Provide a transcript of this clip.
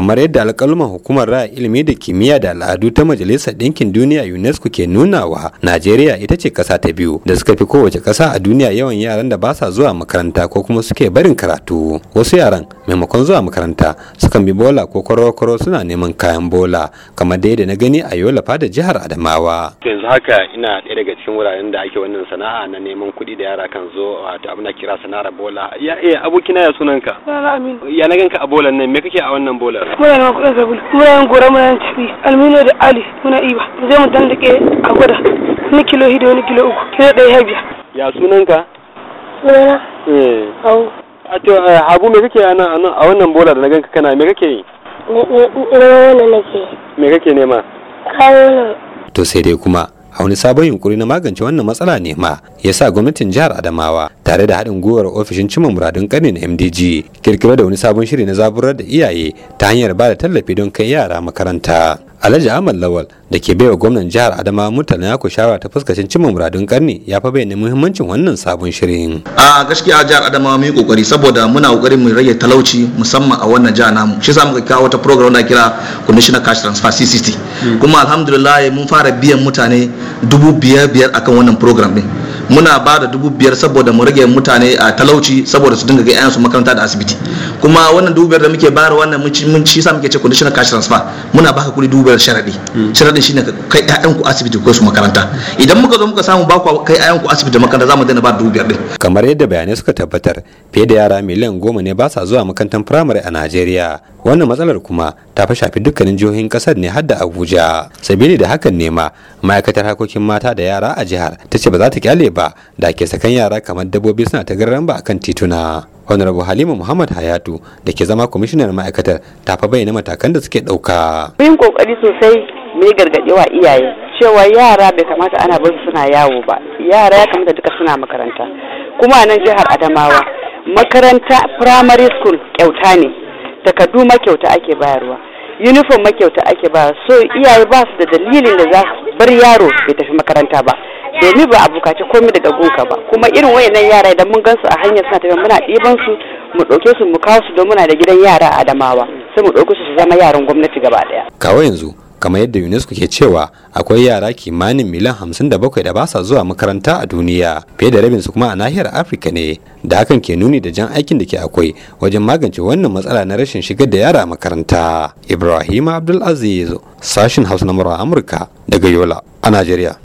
kamar yadda alƙaluman hukumar raya ilimi da kimiyya da al'adu ta majalisar ɗinkin duniya unesco ke nunawa najeriya ita ce ƙasa ta biyu da suka fi kowace ƙasa a duniya yawan yaran da ba sa zuwa makaranta ko kuma suke barin karatu wasu yaran maimakon zuwa makaranta sukan bi bola ko kwararo suna neman kayan bola kamar da na gani a yolafa da jihar adamawa yanzu haka ina ɗaya daga cikin wuraren da ake wannan sana'a na neman kuɗi da yara kan zo wato abin na kira sana'ar bola ya eh, abokina ya sunanka ya na ganka a bolan nan me kake a wannan bolar muna neman kuɗin sabulu muna yin gora muna yin cibi alminu da ali muna iba mu je mu dandake a gwada wani kilo hidi wani kilo uku kilo ɗaya ya biya. ya sunanka? sunana? eh a to abu me kake a a wannan bola da na ganka kana me kake yi? ne ne ne ne na ne ne ne ne ne a wani sabon yunkuri na magance wannan matsala ne ma ya sa gwamnatin jihar adamawa tare da haɗin gwiwar ofishin cimma muradun ƙarni na mdg kirkira da wani sabon shiri na zaburar da iyaye ta hanyar ba da tallafi don kai yara makaranta Alhaji Ahmad Lawal da ke baiwa gwamnan jihar Adama Murtala ya shawara ta fuskacin cimma muradun karni ya fa bayyana muhimmancin wannan sabon shirin. A gaskiya a jihar Adama mun yi kokari saboda muna kokarin mu rage talauci musamman a wannan jihar namu. Shi yasa muka kawo wata program da kira "Commissioner Cash Transfer CCT. Hmm. Kuma alhamdulillah mun fara biyan mutane dubu biyar biyar akan wannan program din. muna ba da dubu biyar saboda mu rage mutane a talauci saboda su dinga ga yayansu makaranta da asibiti kuma wannan dubu biyar da muke bayar wannan mun ci sa muke ce conditional cash transfer muna baka kuɗi dubu biyar sharadi sharadin shine kai 'ya'yan ku asibiti ko su makaranta idan muka zo muka samu baku kai 'ya'yan ku asibiti makaranta zamu daina ba dubu biyar din kamar yadda bayanai suka tabbatar fiye da yara miliyan goma ne ba sa zuwa makarantar firamare a Najeriya wannan matsalar kuma ta fi shafi dukkanin jihohin kasar ne har da Abuja sabili da hakan ne ma ma'aikatar harkokin mata da yara a jihar ta ce ba za ta kyale ba ba da ke sakan yara kamar dabbobi suna ta garan ba akan tituna honorable halima muhammad hayatu da ke zama kwamishinar ma'aikatar ta fa bayyana matakan da suke ɗauka. yin kokari sosai mai wa iyaye cewa yara bai kamata ana bar suna yawo ba yara ya kamata duka suna makaranta kuma a nan jihar adamawa makaranta primary school kyauta ne takardu makyauta ake bayarwa uniform makyauta ake bayarwa so iyaye ba su da dalilin da za su bar yaro bai tafi makaranta ba domin eh, ba a bukaci komai daga gunka ba kuma irin wayannan yara idan mun gansu a hanyar suna tafiya muna ɗiban su mu ɗauke su mu kawo su don muna da gidan yara a Adamawa sai mu ɗauke su su zama yaran gwamnati gaba ɗaya. Kawo yanzu kamar yadda UNESCO ke cewa akwai yara kimanin miliyan hamsin da bakwai da basa zuwa makaranta a duniya fiye da rabin su kuma a nahiyar Afirka ne da hakan ke nuni da jan aikin da ke akwai wajen magance wannan matsala na rashin shigar da yara a makaranta. Ibrahim Abdulaziz sashin Hausa na Amurka daga Yola a Najeriya.